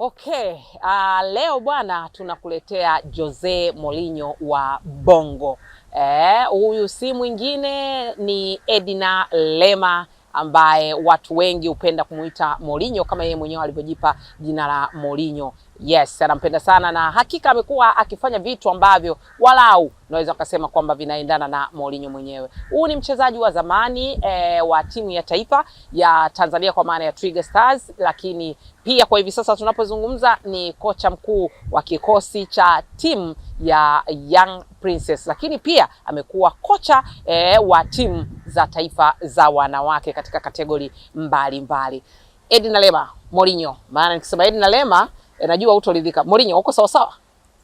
Okay, uh, leo bwana tunakuletea Jose Mourinho wa Bongo. Eh, huyu si mwingine ni edina Lema ambaye watu wengi hupenda kumuita Mourinho kama yeye mwenyewe alivyojipa jina la Mourinho. Yes, anampenda sana na hakika amekuwa akifanya vitu ambavyo walau naweza kusema kwamba vinaendana na Mourinho mwenyewe. Huu ni mchezaji wa zamani e, wa timu ya taifa ya Tanzania kwa maana ya Twiga Stars, lakini pia kwa hivi sasa tunapozungumza ni kocha mkuu wa kikosi cha timu ya Young Princess, lakini pia amekuwa kocha e, wa timu za taifa za wanawake katika kategori mbalimbali. Edna Lema Mourinho, maana nikisema Edna Lema Eh, najua utoridhika. Morinho, uko sawa sawa?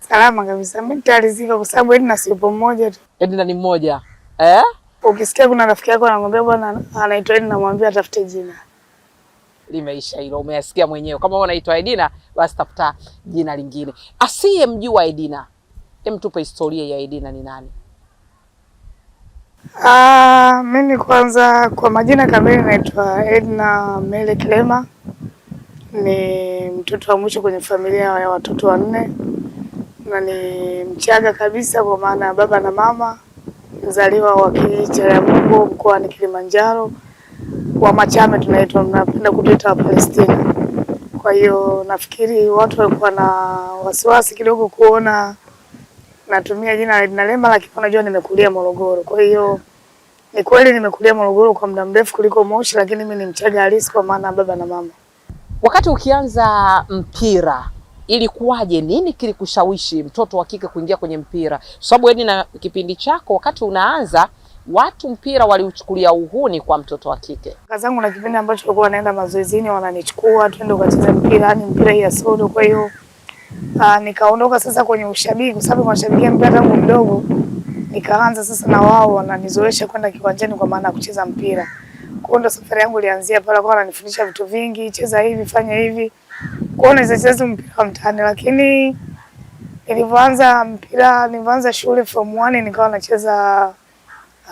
Salama kabisa. Mimi nitaridhika kwa sababu Edna si yupo mmoja tu. Edna ni mmoja. Eh? Ukisikia kuna rafiki yako anakuambia bwana anaitwa Edna, namwambia atafute jina. Limeisha hilo, umeyasikia mwenyewe. Kama wewe unaitwa Edina, basi tafuta jina lingine. Asiye mjua Edina, hem, tupe historia ya Edina ni nani? Ah, mimi kwanza kwa majina kamili naitwa Edna Mele Klema ni mtoto wa mwisho kwenye familia ya watoto wanne, na ni Mchaga kabisa kwa maana ya baba na mama, mzaliwa wa kijiji cha Liambo mkoani Kilimanjaro, wa Machame tunaitwa, tunapenda kutuita Palestina. Kwa hiyo nafikiri watu walikuwa na wasiwasi kidogo kuona natumia jina la Edna Lema, lakini unajua nimekulia Morogoro. Kwa hiyo ni kweli nimekulia Morogoro kwa muda mrefu kuliko Moshi, lakini mimi ni Mchaga halisi kwa maana baba na mama. Wakati ukianza mpira ilikuwaje? Nini kilikushawishi mtoto wa kike kuingia kwenye mpira? Sababu yani, na kipindi chako wakati unaanza watu mpira waliuchukulia uhuni kwa mtoto wa kike. Kaka zangu na kipindi ambacho tulikuwa wanaenda mazoezini, wananichukua twende ukacheza mpira, yani mpira ya sodo. Kwa hiyo ah, nikaondoka sasa kwenye ushabiki, kwa sababu mashabiki mpira tangu mdogo, nikaanza sasa na wao wananizoesha kwenda kiwanjani, kwa maana ya kucheza mpira kwa safari yangu ilianzia pale, kwa ananifundisha vitu vingi, cheza hivi, fanya hivi. kuona ndo sasa mpira mtaani, lakini nilipoanza mpira, nilivyoanza shule form 1 nikawa nacheza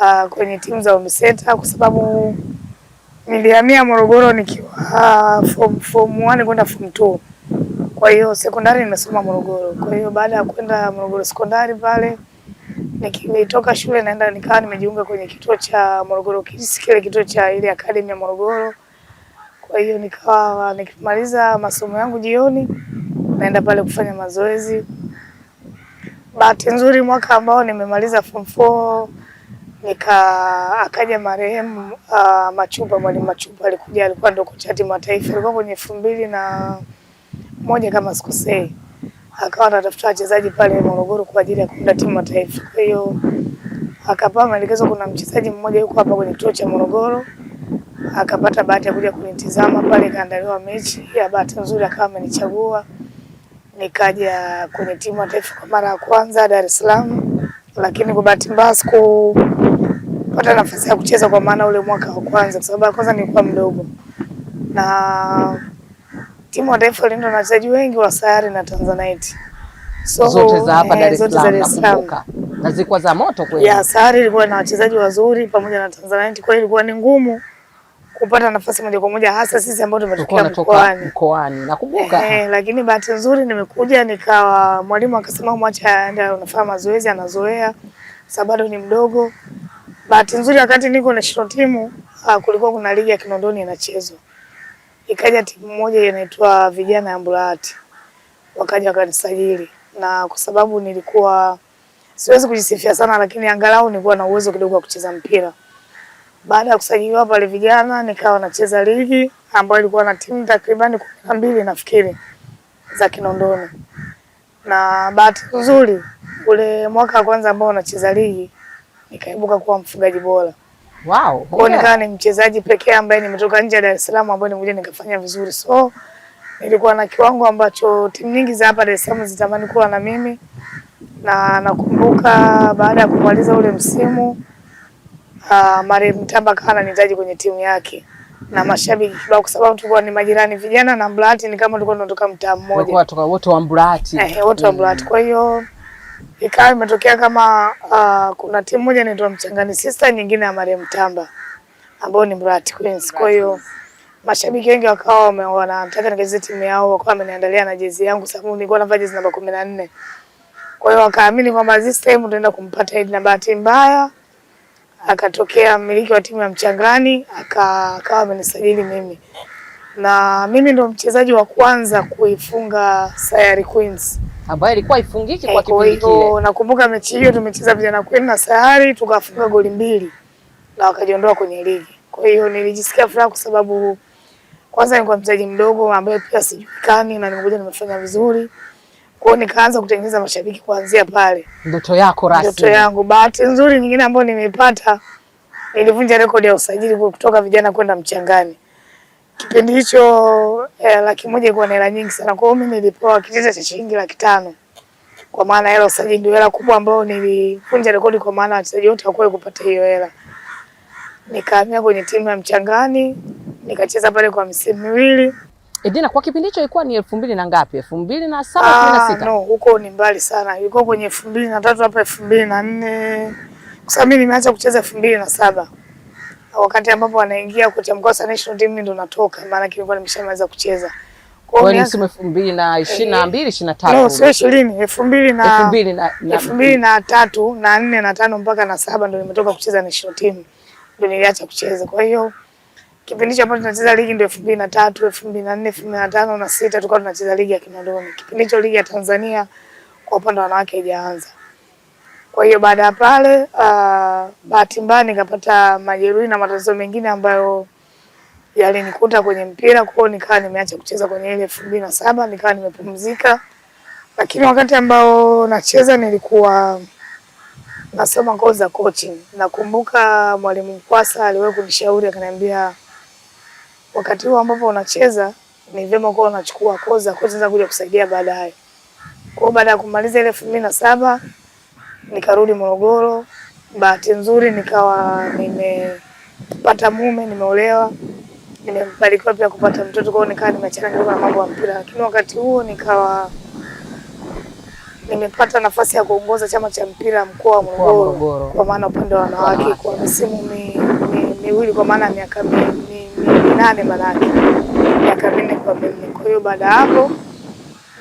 uh, kwenye timu za Umiseta kwa sababu nilihamia Morogoro nikiwa uh, form form 1 kwenda form 2. Kwa hiyo sekondari nimesoma Morogoro. Kwa hiyo baada ya kwenda Morogoro sekondari pale Nikitoka shule naenda nikawa nimejiunga kwenye kituo cha Morogoro Kids, kile kituo cha ile academy ya Morogoro. Kwa hiyo nikawa nikimaliza masomo yangu jioni naenda pale kufanya mazoezi. Bahati nzuri mwaka ambao nimemaliza form 4 nika akaja marehemu uh, Machupa, mwalimu Machupa alikuja, alikuwa ndo kocha timu ya taifa, alikuwa kwenye elfu mbili na moja kama sikosei akawa anatafuta wachezaji pale Morogoro kwa ajili ya kuunda timu ya taifa. Kwa hiyo akapewa maelekezo, kuna mchezaji mmoja yuko hapa kwenye kituo cha Morogoro, akapata bahati ya kuja kunitizama pale, kaandaliwa mechi ya bahati nzuri, akawa amenichagua nikaja kwenye timu ya taifa kwa mara ya kwanza Dar es Salaam, lakini kwa bahati mbaya sikupata nafasi ya kucheza, kwa maana ule mwaka wa kwanza, kwa sababu ya kwanza nilikuwa mdogo na timu taifa iliundwa na wachezaji wengi wa sayari na Tanzanite. So, zote za hapa eh, Dar es Salaam na zilikuwa za moto kweli. Ya sayari ilikuwa na wachezaji wazuri pamoja na Tanzanite, kwa hiyo ilikuwa ni ngumu kupata nafasi moja kwa moja hasa sisi ambao tumetokea mkoani. Mkoani nakumbuka. Eh, eh, lakini bahati nzuri nimekuja nikawa mwalimu akasema mwache aende anafanya mazoezi anazoea, sababu bado ni mdogo. Bahati nzuri wakati niko na shiroti timu ah, kulikuwa kuna ligi ya Kinondoni inachezwa ikaja timu moja inaitwa Vijana ya Mburahati, wakaja wakanisajili, na kwa sababu nilikuwa siwezi kujisifia sana, lakini angalau nilikuwa na uwezo kidogo wa kucheza mpira. Baada ya kusajiliwa pale Vijana, nikawa nacheza ligi ambayo ilikuwa na timu takribani kumi na mbili nafikiri za Kinondoni, na bahati nzuri ule mwaka wa kwanza ambao nacheza ligi nikaibuka kuwa mfungaji bora Wow, oh yeah. Nikawa ni mchezaji pekee ambaye nimetoka nje ya Dar es Salaam ambaye nimekuja nikafanya vizuri, so nilikuwa na kiwango ambacho timu nyingi za hapa Dar es Salaam zitamani kuwa na mimi, na nakumbuka baada ya kumaliza ule msimu uh, Mare Mtamba akawa ananihitaji kwenye timu yake na mashabiki kibao, kwa sababu tulikuwa ni majirani vijana na Mburahati ni kama tulikuwa tunatoka mtaa mmoja wote wa Mburahati. Eh, wote wa Mburahati, kwa hiyo ikawa imetokea kama uh, kuna timu moja inaitwa Mchangani Sister, nyingine ya Mariam Tamba ambao ni Mrat Queens. Kwa hiyo mashabiki wengi wakawa wanataka nikacheze timu yao, wakawa wameniandalia na jezi yangu sababu nilikuwa navaa jezi namba kumi na nne. Kwa hiyo wakaamini kwamba this time tunaenda kumpata Eid, na bahati mbaya akatokea mmiliki wa timu ya Mchangani akawa amenisajili mimi, na mimi ndo mchezaji wa kwanza kuifunga Sayari Queens ambayo ilikuwa ifungiki eh, kwa kipindi kile. Nakumbuka mechi hiyo tumecheza vijana kwenu na Sayari tukafunga goli mbili na wakajiondoa kwenye ligi. Kwa hiyo nilijisikia furaha kwa sababu kwanza nilikuwa mchezaji mdogo ambaye pia sijulikani na nimekuja nimefanya vizuri. Kwa hiyo nikaanza kutengeneza mashabiki kuanzia pale. Ndoto yako rasmi. Ndoto yangu. Bahati nzuri nyingine ambayo nimeipata nilivunja rekodi ya usajili kutoka vijana kwenda mchangani. Kipindi hicho eh, laki moja ilikuwa ni hela nyingi sana. Kwa hiyo mimi nilipewa kitita cha shilingi laki tano kwa maana hela usajili ndio hela kubwa ambayo nilivunja rekodi, kwa maana wachezaji wote hawakuwahi kupata hiyo hela. Nikaamia kwenye timu ya mchangani nikacheza pale kwa misimu miwili. Edina, kwa kipindi hicho ilikuwa ni elfu mbili na ngapi? elfu mbili na saba na sita? Ah, no, huko ni mbali sana, ilikuwa kwenye elfu mbili na tatu hapa elfu mbili na nne kwa sababu mimi nimeanza kucheza elfu mbili na saba wakati ambapo wanaingia kutamkosa national team ndo natoka, maana kilikuwa nimeshamaliza kucheza elfu mbili na ishirini na eh, mbili ishirini na tatu sio ishirini elfu mbili na tatu na nne na tano mpaka na saba ndo nimetoka kucheza national team, ndo niliacha kucheza. Kwa hiyo kipindi hicho ambacho tunacheza ligi ndo elfu mbili na tatu elfu mbili na nne elfu mbili na tano na sita tukawa tunacheza ligi ya Kinondoni. Kipindi hicho ligi ya Tanzania kwa upande wa wanawake haijaanza. Kwa hiyo baada ya pale, uh, bahati mbaya nikapata majeruhi na matatizo mengine ambayo yalinikuta kwenye mpira, kwa hiyo nikawa nimeacha kucheza kwenye ile elfu mbili na saba nikawa nimepumzika, lakini wakati ambao nacheza nilikuwa nasoma kozi za coaching. Nakumbuka mwalimu Mkwasa aliwahi kunishauri akaniambia, wakati huo ambapo unacheza ni vyema kuwa unachukua kozi za coaching za kuja kusaidia baadaye. Kwa hiyo baada ya kumaliza ile elfu mbili na saba nikarudi Morogoro. Bahati nzuri nikawa nimepata mume, nimeolewa, nimebarikiwa pia kupata mtoto, kwao nikawa nimeachana kidogo na mambo ya mpira, lakini wakati huo nikawa nimepata nafasi ya kuongoza chama cha mpira mkoa wa Morogoro, kwa maana upande wa wanawake kwa misimu miwili mi, kwa maana miaka minane mi, maanake miaka minne kwa minne. Kwa hiyo baada ya hapo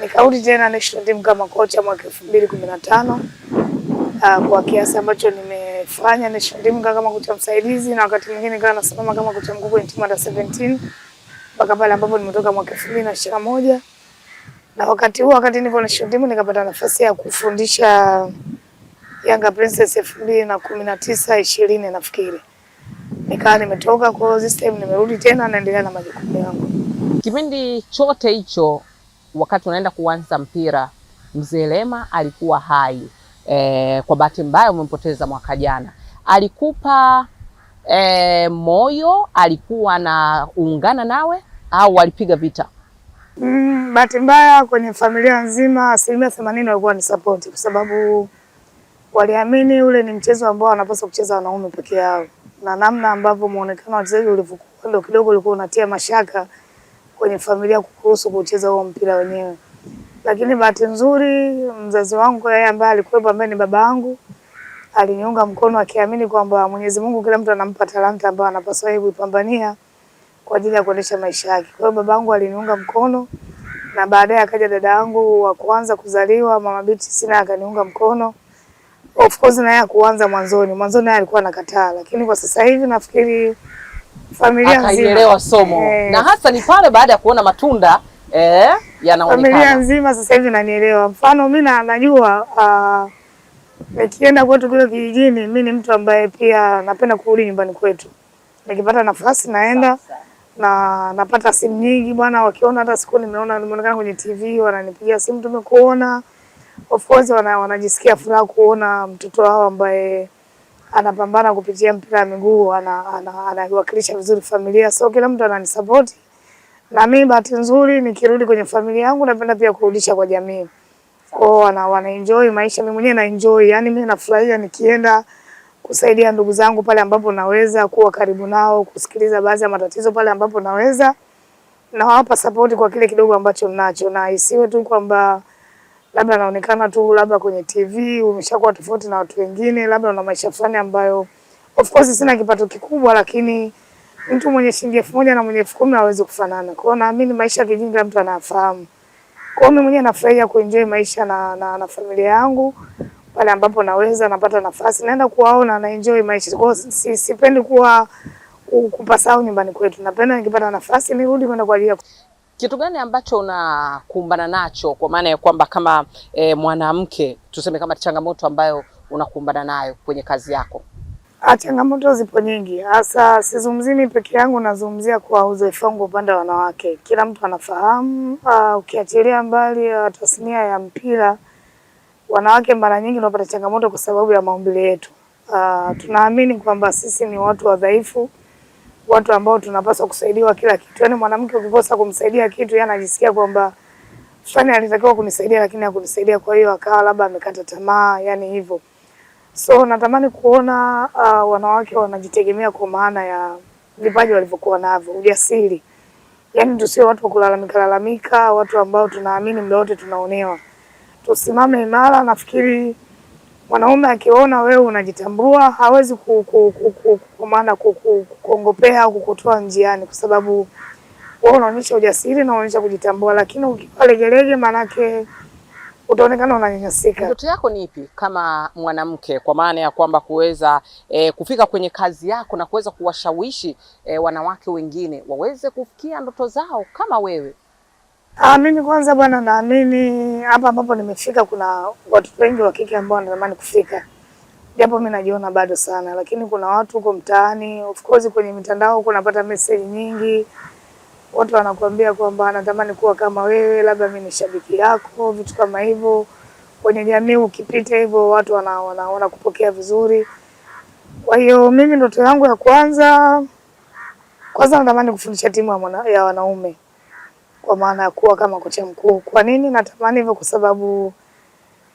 nikarudi tena national team kama kocha mwaka elfu mbili kumi na tano uh, kwa kiasi ambacho nimefanya nimeshindimka kama kocha msaidizi na wakati mwingine nikawa nasimama kama kocha mkuu kwenye timu ya 17 mpaka pale ambapo nimetoka mwaka 2021 na na wakati huo, wakati niko nashindimka, nikapata nafasi ya kufundisha Yanga Princess elfu mbili na kumi na tisa ishirini nafikiri nikawa nimetoka kwa hiyo system, nimerudi tena naendelea na majukumu yangu. Kipindi chote hicho, wakati unaenda kuanza mpira, Mzee Lema alikuwa hai eh, kwa bahati mbaya umempoteza mwaka jana. Alikupa eh, moyo? Alikuwa na uungana nawe au alipiga vita? Mm, bahati mbaya kwenye familia nzima asilimia themanini walikuwa ni support, kwa sababu waliamini ule ni mchezo ambao wanapaswa kucheza wanaume peke yao, na namna ambavyo muonekano wa wachezaji ulivyokuwa ndio kidogo ulikuwa unatia mashaka kwenye familia kuhusu kucheza huo mpira wenyewe lakini bahati nzuri mzazi wangu yeye ambaye alikuwepo ambaye ni baba yangu aliniunga mkono akiamini kwamba Mwenyezi Mungu kila mtu anampa talanta ambayo anapaswa yeye kuipambania kwa ajili ya kuendesha maisha yake. Kwa hiyo yangu aliniunga mkono na baadaye akaja dada yangu wa kwanza kuzaliwa Mama Biti Sina akaniunga mkono. Of course na yeye kuanza mwanzoni, mwanzoni naye alikuwa anakataa, lakini kwa sasa hivi nafikiri familia nzima akaielewa somo. Eh, na hasa ni pale baada ya kuona matunda eh Familia nzima sasa hivi nanielewa. Mfano mimi na najua uh, nikienda kwetu kule kijijini, mimi ni mtu ambaye pia napenda kurudi nyumbani kwetu, nikipata nafasi naenda na napata simu nyingi bwana, wakiona hata siku nimeona nimeonekana kwenye TV, wananipigia simu, tumekuona. Of course wana, wanajisikia furaha kuona mtoto wao ambaye anapambana kupitia mpira wa miguu anawakilisha ana, ana, ana, vizuri familia, so kila mtu ananisupport. Na mimi bahati nzuri nikirudi kwenye familia yangu napenda pia kurudisha kwa jamii. Kwao wana, wana enjoy maisha, mimi mwenyewe na enjoy. Yaani mimi nafurahia nikienda kusaidia ndugu zangu pale ambapo naweza, kuwa karibu nao, kusikiliza baadhi ya matatizo pale ambapo naweza. Nawapa support kwa kile kidogo ambacho ninacho na isiwe tu kwamba labda naonekana tu labda kwenye TV umeshakuwa tofauti na watu wengine, labda una maisha fulani ambayo of course sina kipato kikubwa, lakini Mtu mwenye shilingi elfu moja na mwenye elfu kumi hawezi kufanana. Kwa hiyo naamini maisha vijijini kila mtu anafahamu. Kwa hiyo mimi mwenyewe nafurahia kuenjoy maisha na, na, na familia yangu pale ambapo naweza napata nafasi naenda kuwaona na enjoy maisha. Kwa hiyo si, sipendi kuwa kupasao nyumbani kwetu. Napenda nikipata nafasi nirudi kwenda kwa ajili ya kitu gani ambacho unakumbana nacho kwa maana ya kwamba kama e, mwanamke tuseme, kama changamoto ambayo unakumbana nayo kwenye kazi yako? Ah, changamoto zipo nyingi, hasa sizungumzii peke yangu, nazungumzia kwa uzoefu wangu upande wa wanawake. Kila mtu anafahamu uh, ukiachilia mbali uh, tasnia ya mpira, wanawake mara nyingi tunapata changamoto kwa sababu ya maumbile yetu. Uh, tunaamini kwamba sisi ni watu wadhaifu, watu ambao tunapaswa kusaidiwa kila kitu. Yaani mwanamke ukikosa kumsaidia kitu, yeye anajisikia kwamba fulani alitakiwa kunisaidia lakini hakunisaidia, kwa hiyo akawa labda amekata tamaa, yani hivyo So natamani kuona uh, wanawake wanajitegemea kwa maana ya vipaji walivyokuwa navyo, ujasiri. Yaani tusio watu wa kulalamika lalamika, watu ambao tunaamini muda wote tunaonewa. Tusimame imara. Nafikiri mwanaume akiona wewe unajitambua hawezi kwa maana kukuongopea au kukutoa njiani, kwa sababu wewe unaonyesha ujasiri na unaonyesha kujitambua, lakini ukiwa legelege maanake utaonekana unanyanyasika. Ndoto yako ni ipi kama mwanamke, kwa maana ya kwamba kuweza e, kufika kwenye kazi yako na kuweza kuwashawishi e, wanawake wengine waweze kufikia ndoto zao kama wewe? Ah, mimi kwanza bwana, naamini hapa ambapo nimefika kuna watu wengi wa kike ambao wanatamani kufika, japo mimi najiona bado sana, lakini kuna watu huko mtaani, of course kwenye mitandao napata message nyingi watu wanakuambia kwamba anatamani kuwa kama wewe, labda mimi ni shabiki yako, vitu kama hivyo. Kwenye jamii ukipita hivyo watu wanakupokea wana, vizuri. Kwa hiyo mimi ndoto yangu ya kwanza kwanza natamani kufundisha timu ya, ya wanaume kwa maana ya kuwa kama kocha mkuu. Kwa nini natamani hivyo? Kwa sababu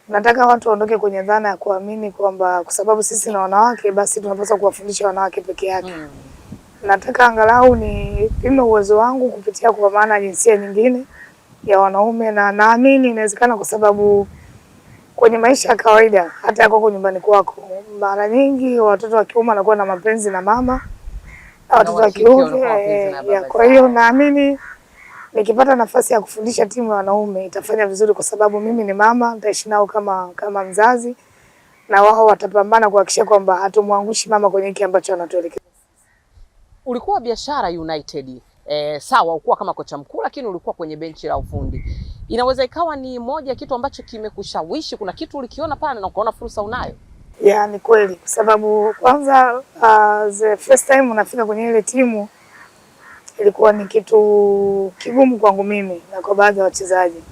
nataka watu waondoke kwenye dhana ya kuamini kwamba kwa sababu sisi na wanawake basi tunapaswa kuwafundisha wanawake peke yake. Mm nataka angalau nipime uwezo wangu kupitia kupambana na jinsia nyingine ya wanaume, na naamini inawezekana, kwa sababu kwenye maisha ya kawaida, hata yako nyumbani kwako, mara nyingi watoto wa kiume wanakuwa na mapenzi na mama na watoto wa kiume. Eh, ya. Kwa hiyo naamini nikipata nafasi ya kufundisha timu ya wanaume itafanya vizuri, kwa sababu mimi ni mama, nitaishi nao kama kama mzazi, na wao watapambana kuhakikisha kwamba hatumwangushi mama kwenye hiki ambacho anatuelekeza ulikuwa biashara United e, sawa, ukuwa kama kocha mkuu, lakini ulikuwa kwenye benchi la ufundi. Inaweza ikawa ni moja kitu ambacho kimekushawishi, kuna kitu ulikiona pale na ukaona fursa unayo. Ya, ni kweli kwa sababu kwanza, uh, the first time unafika kwenye ile timu ilikuwa ni kitu kigumu kwangu mimi na kwa baadhi ya wachezaji,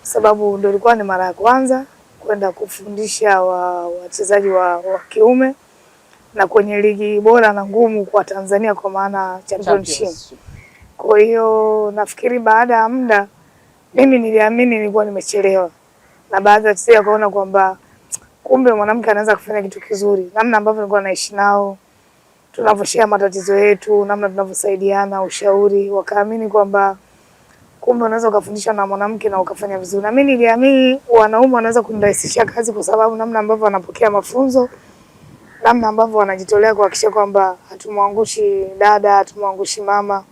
kwa sababu ndio ilikuwa ni mara ya kwanza kwenda kufundisha wachezaji wa, wa kiume na kwenye ligi bora na ngumu kwa Tanzania kwa maana championship. Kwa hiyo nafikiri baada ya muda mimi niliamini nilikuwa nimechelewa, na baada ya wachezaji kaona kwamba kumbe mwanamke anaweza kufanya kitu kizuri, namna ambavyo nilikuwa naishi nao, tunavyoshea matatizo yetu, namna tunavyosaidiana ushauri, wakaamini kwamba kumbe unaweza ukafundishwa na mwanamke na ukafanya vizuri. Na mimi niliamini wanaume wanaweza kunirahisishia kazi, kwa sababu namna ambavyo wanapokea mafunzo namna ambavyo wanajitolea kuhakikisha kwamba hatumwangushi dada, hatumwangushi mama,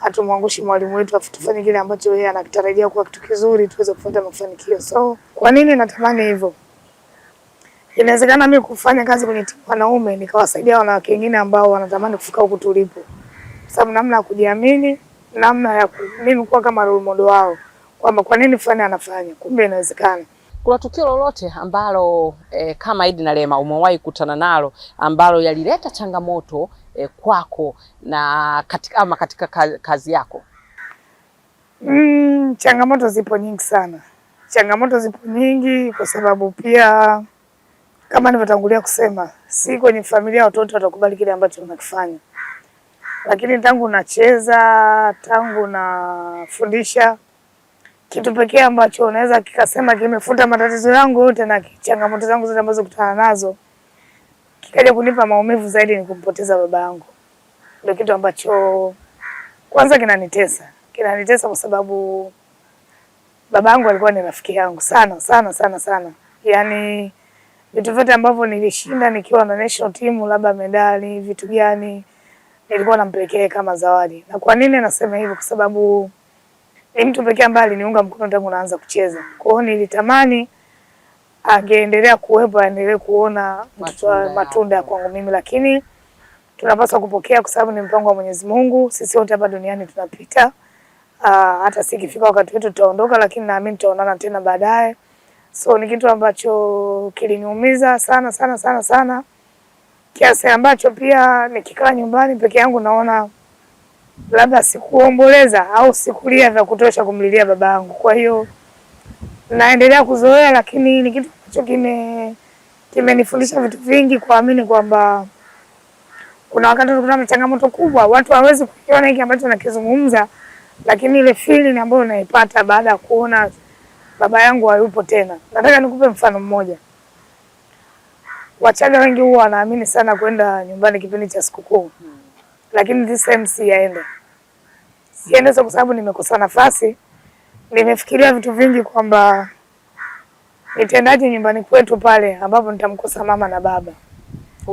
hatumwangushi mwalimu wetu, afu tufanye kile ambacho yeye anakitarajia kuwa kitu kizuri, tuweze kupata mafanikio. So kwa nini natamani hivyo? Inawezekana mimi kufanya kazi kwenye timu wanaume nikawasaidia wanawake wengine ambao wanatamani kufika huko tulipo, sababu namna ya kujiamini, namna ya mimi kuwa kama role model wao, kwamba kwa nini fulani anafanya, kumbe inawezekana kuna tukio lolote ambalo e, kama idi na Lema umewahi kutana nalo ambalo yalileta changamoto e, kwako na katika, ama katika kazi yako? Mm, changamoto zipo nyingi sana, changamoto zipo nyingi kwa sababu pia kama nilivyotangulia kusema, si kwenye familia watoto watakubali kile ambacho unakifanya, lakini tangu nacheza, tangu nafundisha kitu pekee ambacho unaweza kikasema kimefuta matatizo yangu yote na changamoto zangu zote ambazo kutana nazo, kikaja kunipa maumivu zaidi ni kumpoteza baba yangu. Ndio kitu ambacho kwanza kinanitesa, kinanitesa kwa sababu baba yangu alikuwa ni rafiki yangu sana sana sana sana, yani vitu vyote ambavyo nilishinda nikiwa na national team, labda medali, vitu gani, nilikuwa nampelekea kama zawadi. Na kwa nini nasema hivyo? Kwa sababu ni mtu pekee ambaye aliniunga mkono tangu naanza kucheza. Kwa hiyo nilitamani angeendelea kuwepo, aendelee kuona matunda, matunda kwangu mimi, lakini tunapaswa kupokea kwa sababu ni mpango wa Mwenyezi Mungu. Sisi wote hapa duniani tunapita. Uh, hata sikifika wakati wetu tutaondoka, lakini naamini tutaonana tena baadaye. So ni kitu ambacho kiliniumiza sana sana sana sana kiasi ambacho pia nikikaa nyumbani peke yangu naona labda sikuomboleza au sikulia vya kutosha kumlilia baba yangu. Kwa hiyo naendelea kuzoea, lakini ni kitu ambacho kime kimenifundisha vitu vingi, kuamini kwamba kuna wakati tunakutana changamoto kubwa, watu hawawezi kukiona hiki ambacho nakizungumza, lakini ile feeling ambayo naipata baada ya kuona baba yangu hayupo tena. Nataka nikupe mfano mmoja. Wachaga wengi huwa wanaamini sana kwenda nyumbani kipindi cha sikukuu lakini this time siyaenda, siyaenda kwa sababu nimekosa nafasi. Nimefikiria vitu vingi kwamba nitendaje nyumbani kwetu pale ambapo nitamkosa mama na baba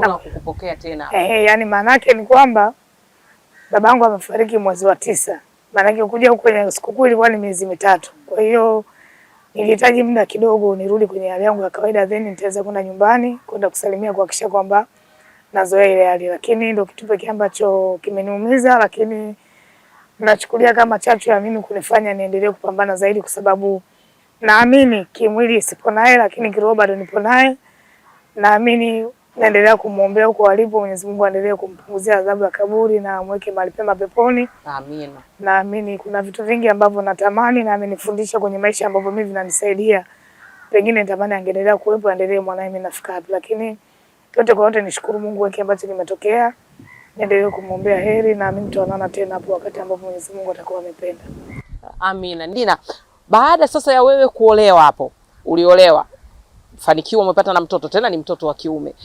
na kukupokea tena. Eh, yani maanake ni kwamba babangu amefariki mwezi wa tisa, maanake kuja kwenye sikukuu ilikuwa ni miezi mitatu, kwa hiyo nilihitaji muda kidogo nirudi kwenye hali yangu ya kawaida, then nitaweza kwenda nyumbani kwenda kusalimia, kuhakikisha kwamba nazoea ile hali, lakini ndio kitu pekee ambacho kimeniumiza, lakini nachukulia kama chachu ya mimi kunifanya niendelee kupambana zaidi, kwa sababu naamini kimwili sipo naye, lakini kiroho bado nipo naye. Naamini naendelea kumwombea huko alipo, Mwenyezi Mungu aendelee kumpunguzia adhabu ya kaburi na amweke mahali pema peponi. Amina. Naamini kuna vitu vingi ambavyo natamani na amenifundisha kwenye maisha ambavyo mimi vinanisaidia, pengine natamani angeendelea kuwepo, aendelee mwanae, mimi nafika hapo lakini yote kwa yote nishukuru Mungu hiki ambacho kimetokea, niendelee kumwombea heri, na mimi tutaonana tena hapo wakati ambapo Mwenyezi Mungu atakuwa amependa. Amina. Dina, baada sasa ya wewe kuolewa hapo, uliolewa fanikiwa, umepata na mtoto, tena ni mtoto wa kiume.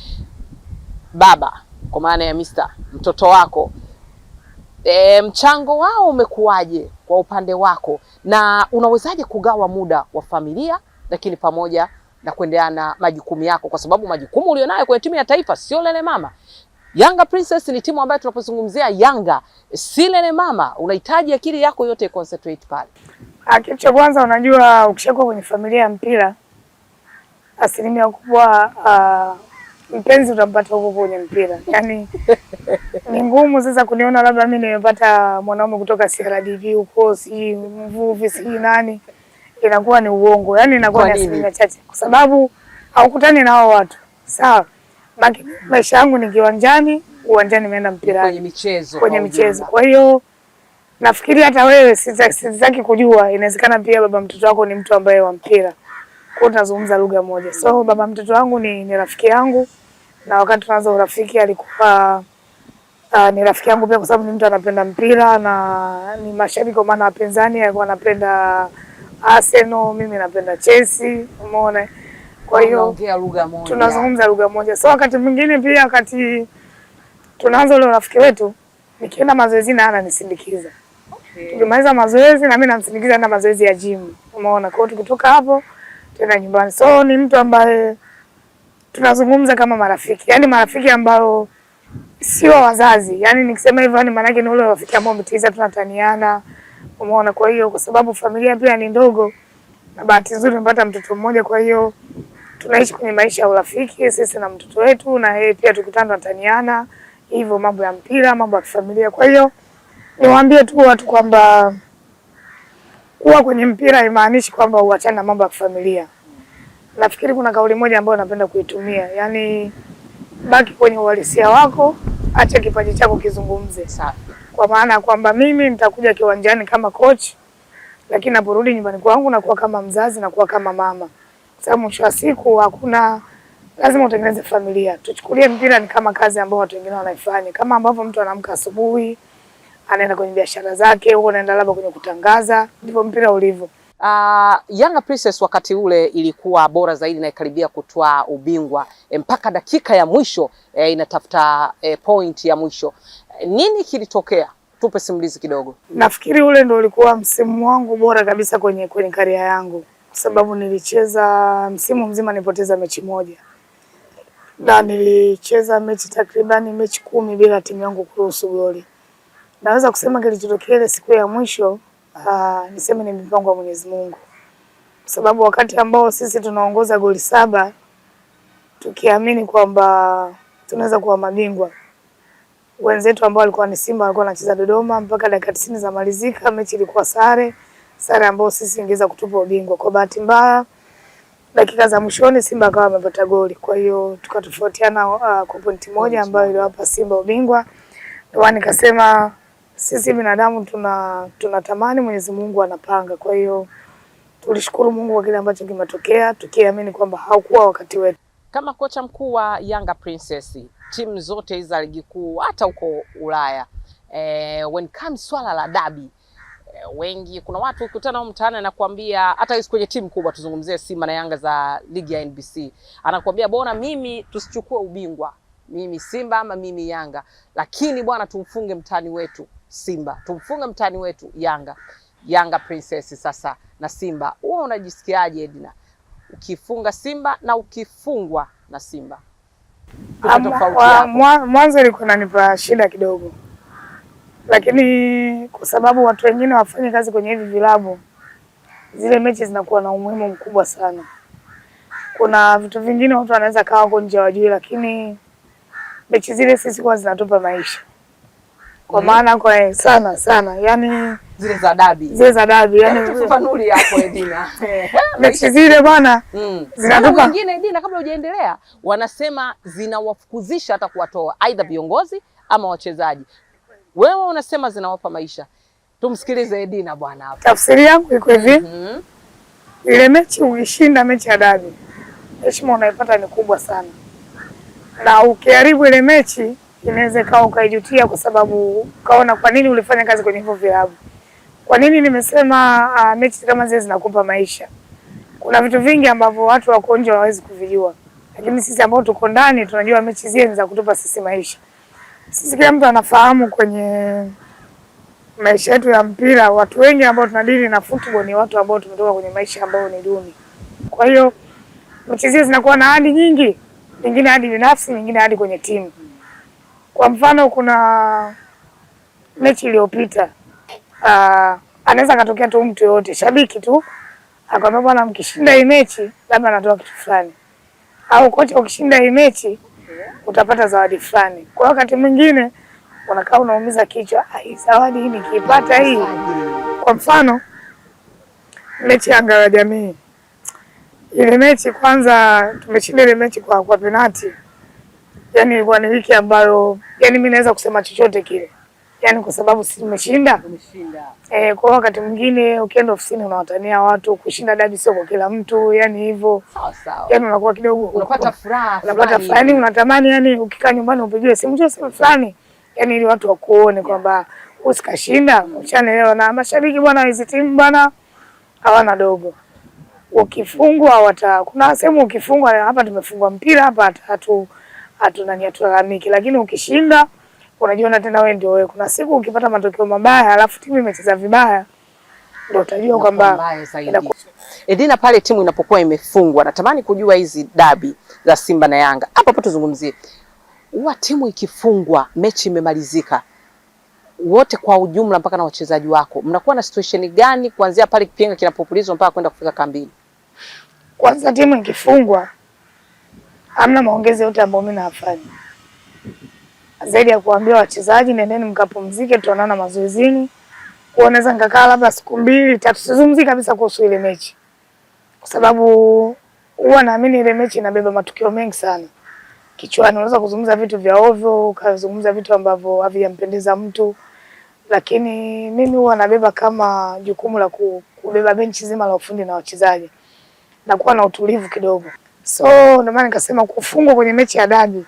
Baba kwa maana ya mista mtoto wako e, mchango wao umekuwaje kwa upande wako, na unawezaje kugawa muda wa familia lakini pamoja na kuendelea na majukumu yako, kwa sababu majukumu ulionayo kwenye timu ya taifa sio lele mama. Yanga Princess ni timu ambayo tunapozungumzia Yanga si lele mama, unahitaji akili yako yote concentrate pale. Ah, kitu cha kwanza, unajua ukishakuwa kwenye familia ya mpira asilimia kubwa uh, mpenzi utampata huko kwenye mpira. yani ni ngumu sasa kuniona labda mimi nimepata mwanaume kutoka CRDB huko, si mvuvi, si nani inakuwa ni uongo, yani inakuwa ni asilimia chache, kwa sababu haukutani na hao watu. Sawa, Baki maisha yangu ni kiwanjani, uwanjani nimeenda mpira, kwenye michezo, kwenye michezo. Kwa hiyo nafikiri hata wewe sitaki kujua, inawezekana pia baba mtoto wako ni mtu ambaye wa mpira, kwa hiyo tunazungumza lugha moja. So baba mtoto wangu ni, ni rafiki yangu, na wakati tunaanza urafiki alikuwa Uh, ah, ni rafiki yangu pia kwa sababu ni mtu anapenda mpira na ni mashabiki, kwa maana wapenzani alikuwa anapenda Arsenal, mimi napenda Chelsea, umeona. Kwa hiyo tunazungumza lugha moja, so wakati mwingine pia wakati tunaanza ule urafiki wetu, nikienda mazoezi na ananisindikiza okay. Tukimaliza mazoezi na mimi namsindikiza na mazoezi ya gym, umeona. Kwa hiyo tukitoka hapo tena nyumbani, so ni mtu ambaye tunazungumza kama marafiki, yaani marafiki ambao sio wazazi, yaani nikisema hivyo, yaani maanake ni ule rafiki ambao umetiza, tunataniana Umeona, kwa hiyo kwa sababu familia pia ni ndogo na bahati nzuri tumepata mtoto mmoja, kwa hiyo tunaishi kwenye maisha ya urafiki sisi na mtoto wetu, na yeye pia tukutana tutaniana hivyo mambo ya mpira, mambo ya kifamilia. Kwa hiyo niwaambie tu watu kwamba kuwa kwenye mpira haimaanishi kwamba uachane na mambo ya kifamilia. Nafikiri kuna kauli moja ambayo napenda kuitumia, yani baki kwenye uhalisia wako, acha kipaji chako kizungumze. sana kwa maana ya kwamba mimi nitakuja kiwanjani kama coach, lakini naporudi nyumbani kwangu nakuwa kama mzazi, nakuwa kama mama, kwa sababu mwisho wa siku hakuna lazima utengeneze familia. Tuchukulie mpira ni kama kazi ambayo watu wengine wanaifanya, kama ambavyo mtu anaamka asubuhi anaenda kwenye biashara zake, huko anaenda labda kwenye kutangaza, ndivyo mpira ulivyo. Uh, ah, Yanga Princess wakati ule ilikuwa bora zaidi na ikaribia kutoa ubingwa e, mpaka dakika ya mwisho e, inatafuta e, point ya mwisho nini kilitokea? Tupe simulizi kidogo. Nafikiri ule ndo ulikuwa msimu wangu bora kabisa kwenye kwenye karia yangu, kwa sababu nilicheza msimu mzima, nilipoteza mechi moja, na nilicheza mechi takribani mechi kumi bila timu yangu kuruhusu goli. Naweza kusema kilichotokea ile siku ya mwisho, uh, niseme ni mipango ya Mwenyezi Mungu, kwa sababu wakati ambao sisi tunaongoza goli saba tukiamini kwamba tunaweza kuwa mabingwa wenzetu ambao walikuwa ni Simba walikuwa wanacheza Dodoma mpaka dakika tisini za malizika, mechi ilikuwa sare, sare ambayo sisi ingeweza kutupa ubingwa. Kwa bahati mbaya, dakika za mwishoni Simba akawa amepata goli, kwa hiyo tukatofautiana uh, kwa pointi moja ambayo iliwapa Simba ubingwa. Ndio nikasema sisi binadamu tuna tunatamani, Mwenyezi Mungu anapanga. Kwa hiyo tulishukuru Mungu kwa kile ambacho kimetokea, tukiamini kwamba haukuwa wakati wetu. Kama kocha mkuu wa Yanga Princess timu zote hizi za ligi kuu hata huko Ulaya e, when comes swala la dabi e, wengi kuna watu ukutana mtaani anakuambia hata hizo kwenye timu kubwa, tuzungumzie Simba na Yanga za ligi ya NBC, anakuambia bona mimi tusichukue ubingwa, mimi Simba ama mimi Yanga, lakini bwana, tumfunge mtani wetu Simba, tumfunge mtani wetu Yanga, Yanga Princess sasa na Simba. Wewe unajisikiaje Edna, ukifunga Simba na ukifungwa na Simba? Mwanzo ilikuwa inanipa shida kidogo, lakini kwa sababu watu wengine wafanye kazi kwenye hivi vilabu, zile mechi zinakuwa na umuhimu mkubwa sana. Kuna vitu vingine watu wanaweza kawa wako nje wajui, lakini mechi zile sisi kwa zinatupa maisha kwa mhm. maana kwa sana sana yani zile za dabi, zile za dabi, yani tufafanuli yaani hapo Edina. Eh, eh. Mechi zile bwana mm. zinatoka wengine. Edina, kabla hujaendelea, wanasema zinawafukuzisha hata kuwatoa aidha viongozi ama wachezaji. Wewe unasema zinawapa maisha. Tumsikilize Edina bwana hapo. Tafsiri yangu iko hivi. mm -hmm. Ile mechi ukishinda mechi ya dabi, heshima unaipata ni kubwa sana, na ukiharibu ile mechi inaweza ikawa ukaijutia, kwa sababu ukaona kwa nini ulifanya kazi kwenye hivyo vilabu. Kwa nini nimesema uh, mechi kama zile zinakupa maisha? Kuna vitu vingi ambavyo watu wako nje hawawezi kuvijua, lakini sisi ambao tuko ndani tunajua mechi zile za kutupa sisi maisha. Sisi kila mtu anafahamu kwenye maisha yetu ya mpira, watu wengi ambao tunadili na football ni watu ambao tumetoka kwenye maisha ambayo ni duni. Kwa hiyo mechi zile zinakuwa na hadi nyingi, nyingine hadi binafsi, nyingine hadi kwenye timu. Kwa mfano, kuna mechi iliyopita uh, anaweza katokea tu mtu yoyote shabiki tu akwambia, bwana, mkishinda hii mechi labda anatoa kitu fulani, au kocha, ukishinda hii mechi utapata zawadi fulani. Kwa wakati mwingine unakaa unaumiza kichwa, ai, zawadi hii nikiipata hii. Kwa mfano mechi ya Ngara jamii, ile mechi kwanza tumeshinda ile mechi kwa, kwa penati, yani ilikuwa ni wiki ambayo yani mi naweza kusema chochote kile yani kwa sababu si nimeshinda eh. Kwa wakati mwingine ukienda ofisini unawatania watu, kushinda dabi sio kwa kila mtu, yani hivyo sawa sawa, yani unakuwa kidogo unapata furaha, unapata furaha, yani unatamani, yani ukikaa nyumbani upigiwe simu hiyo sema fulani, yani ili watu wakuone kwamba usikashinda. Ushanelewa na mashabiki bwana, hizi timu bwana hawana dogo, ukifungwa wata, kuna sehemu ukifungwa, hapa tumefungwa mpira hapa, hatu hatu nani hatulalamiki, lakini ukishinda unajiona tena wewe ndio wewe. Kuna siku ukipata matokeo mabaya alafu timu imecheza vibaya ndio utajua kwamba Edina pale timu inapokuwa imefungwa. Natamani kujua hizi dabi za Simba na Yanga hapa hapo tuzungumzie, huwa timu ikifungwa mechi imemalizika wote kwa ujumla mpaka na wachezaji wako, mnakuwa na situation gani kuanzia pale kipenga kinapopulizwa mpaka kwenda kufika kambini? Kwanza timu ikifungwa hamna maongezi yote ambayo mimi nafanya zaidi ya kuambia wachezaji nendeni mkapumzike, tutaonana mazoezini. Kuonaweza nikakaa labda siku mbili tatu, sizungumzi kabisa kuhusu ile mechi, kwa sababu huwa naamini ile mechi inabeba matukio mengi sana kichwani. Unaweza kuzungumza vitu vya ovyo, ukazungumza vitu ambavyo havijampendeza mtu, lakini mimi huwa nabeba kama jukumu la kubeba benchi zima la ufundi na wachezaji na kuwa na utulivu kidogo, so ndio maana nikasema kufungwa kwenye mechi ya dabi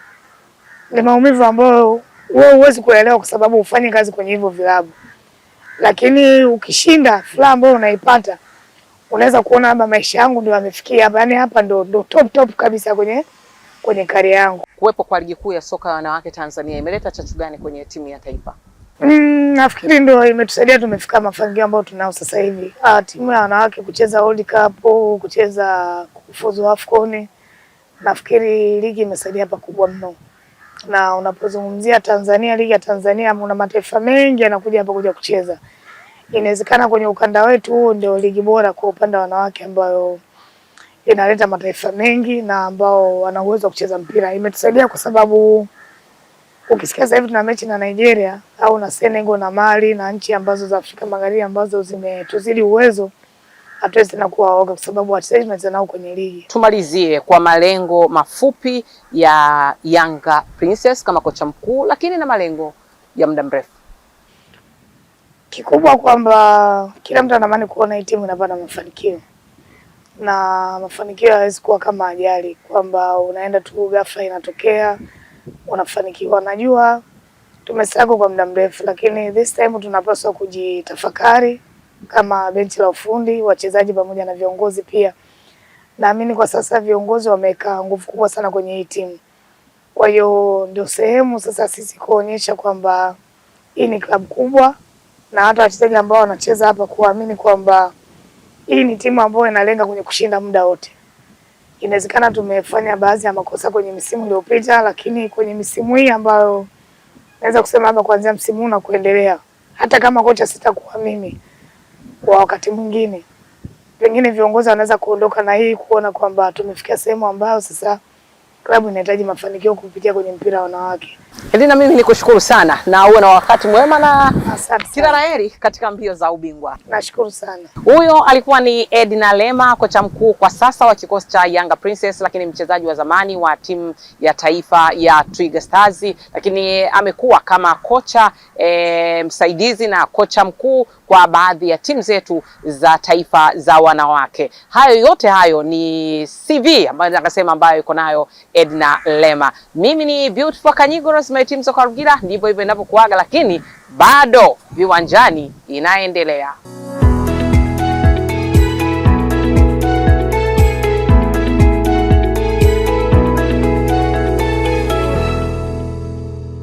ni maumivu ambayo wewe huwezi kuelewa kwa sababu ufanye kazi kwenye hivyo vilabu, lakini ukishinda furaha ambayo unaipata unaweza kuona hapa maisha yangu ndio yamefikia hapa, yani hapa ndo, ndo top top kabisa kwenye kwenye kari yangu. Kuwepo kwa ligi kuu ya soka ya wanawake Tanzania imeleta chachu gani kwenye timu ya taifa? Mm, nafikiri ndo imetusaidia tumefika mafanikio ambayo tunao sasa hivi. Ah, timu ya wanawake kucheza World Cup, kucheza kufuzu AFCON. Nafikiri ligi imesaidia pakubwa mno na unapozungumzia Tanzania, ligi ya Tanzania, una mataifa mengi yanakuja hapa kuja kucheza. Inawezekana kwenye ukanda wetu huu ndio ligi bora kwa upande wa wanawake ambayo inaleta mataifa mengi na ambao wana uwezo wa kucheza mpira. Imetusaidia kwa sababu ukisikia sasa hivi tuna mechi na Nigeria au na Senegal na Mali na nchi ambazo za Afrika Magharibi ambazo zimetuzidi uwezo hatuwezi tena kuwaoga kwa sababu wachezaji tunacheza nao kwenye ligi. Tumalizie kwa malengo mafupi ya Yanga Princess kama kocha mkuu, lakini na malengo ya muda mrefu. Kikubwa kwamba kila mtu anatamani kuona hii timu inapata mafanikio na mafanikio hayawezi kuwa kama ajali kwamba unaenda tu ghafla inatokea unafanikiwa. Najua tumesago kwa muda mrefu, lakini this time tunapaswa kujitafakari kama benchi la ufundi, wachezaji pamoja na viongozi pia. Naamini kwa sasa viongozi wameweka nguvu kubwa sana kwenye hii timu, kwa hiyo ndio sehemu sasa sisi kuonyesha kwamba hii ni klabu kubwa, na hata wachezaji ambao wanacheza hapa kuamini kwamba hii ni timu ambayo inalenga kwenye kushinda muda wote. Inawezekana tumefanya baadhi ya makosa kwenye misimu iliyopita, lakini kwenye misimu hii ambayo naweza kusema hapa kuanzia msimu huu na kuendelea, hata kama kocha sitakuwa mimi kwa wakati mwingine pengine viongozi wanaweza kuondoka na hii kuona kwamba tumefikia sehemu ambayo sasa klabu inahitaji mafanikio kupitia kwenye mpira wa wanawake. Elina, mimi nikushukuru sana na uwe na wakati mwema na kila la heri katika mbio za ubingwa. Nashukuru sana. Huyo alikuwa ni Edna Lema, kocha mkuu kwa sasa wa kikosi cha Yanga Princess, lakini mchezaji wa zamani wa timu ya taifa ya Twiga Stars, lakini amekuwa kama kocha e, msaidizi na kocha mkuu kwa baadhi ya timu zetu za taifa za wanawake. Hayo yote hayo ni CV ambayo nakasema ambayo iko nayo Edna Lema. Mimi ni Beautiful Kanyigo Simba timu za Lugira ndivyo hivyo inavyokuaga, lakini bado viwanjani inaendelea.